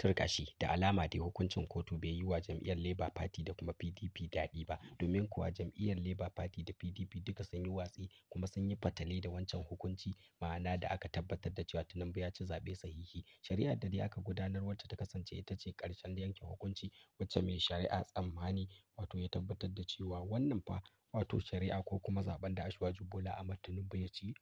turka shi da alama dai hukuncin kotu bai yi wa jam'iyyar labour party da kuma pdp daɗi ba domin kuwa jam'iyyar labour party da pdp duka sun yi watsi kuma sun yi fatale da wancan hukunci ma'ana da aka tabbatar da cewa tinubu ya ci zaɓe sahihi shari'ar da dai aka gudanar wacce ta kasance ita ce ƙarshen yanke hukunci wacce mai shari'a tsammani wato ya tabbatar da cewa wannan fa wato shari'a ko kuma zaɓen da Ashwaju Bola a Tinubu ya ci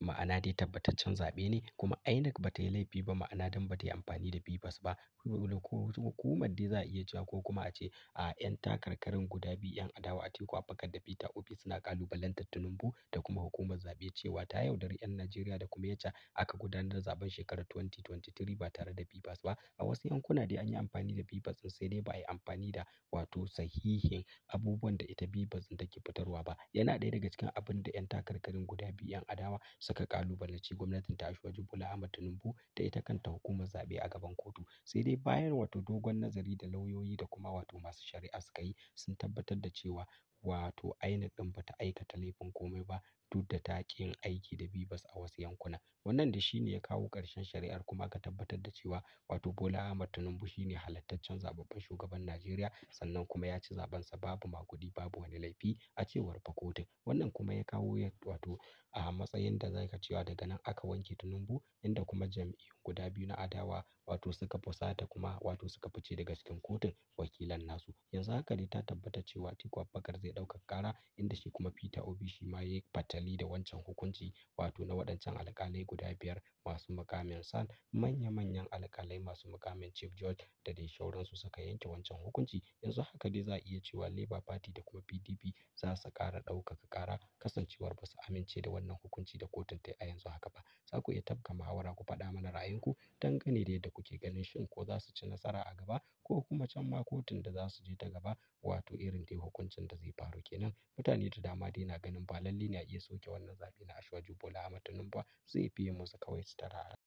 ma'ana dai tabbataccen zaɓe ne kuma INEC ba ta yi laifi ba ma'ana don ba ta yi amfani da bibas ba hukumar dai za a iya cewa ko kuma a ce a 'yan takarkarin guda biyu 'yan adawa a Atiku Abubakar da Peter Obi suna ƙalubalantar Tinubu da kuma hukumar zaɓe cewa ta yaudari 'yan Najeriya da kuma yacca aka gudanar da zaben shekarar 2023 ba tare da bibas ba a wasu yankuna dai an yi amfani da bibas ɗin sai dai ba a yi amfani da wato sahihin abubuwan da ita bibas ɗin take fitarwa ba yana ɗaya daga cikin abin da 'yan takarkarin guda biyu 'yan adawa suka kalubalanci gwamnatin ta Ashwaji Bola Ahmad Tinubu da ita kanta hukumar zaɓe a gaban kotu. Sai dai bayan wato dogon nazari da lauyoyi da kuma wato masu shari'a suka yi sun tabbatar da cewa wato INEC ɗin ba ta aikata laifin komai ba duk da ta ƙi yin aiki da bibas a wasu yankuna. Wannan da shi ne ya kawo ƙarshen shari'ar kuma aka tabbatar da cewa wato Bola Ahmed Tinubu shi ne halattaccen zaɓaɓɓen shugaban Najeriya sannan kuma ya ci zaɓensa babu maguɗi babu wani laifi a cewar fakotin kotun. Wannan kuma ya kawo ya wato a matsayin da za ka cewa daga nan aka wanke Tinubu inda kuma jam'iyyun guda biyu na adawa wato suka fusata kuma wato suka fice daga cikin kotun. yanzu haka ta tabbata cewa Atiku Abubakar zai ɗaukaka ƙara inda shi kuma Peter Obi shi ma ya fatali da wancan hukunci wato na waɗancan alƙalai guda biyar masu mukamin san manya-manyan alƙalai masu mukamin Chief George da dai shauransu suka yanke wancan hukunci yanzu haka dai za a iya cewa Labour Party da kuma PDP za su ƙara ɗaukaka kara kasancewar ba su amince da wannan hukunci da kotun ta a yanzu haka ba za ku iya tabka muhawara ku faɗa mana ra'ayinku dangane da yadda kuke ganin shin ko za su ci nasara a gaba ko kuma can ma kotun da za su je ta gaba wato irin dai hukuncin da zai faru kenan mutane da dama dai na ganin ba lalle ne a iya soke wannan zaɓe na Ashwaju Bola Ahmad Tinubu ba zai fiye musu kawai su rara.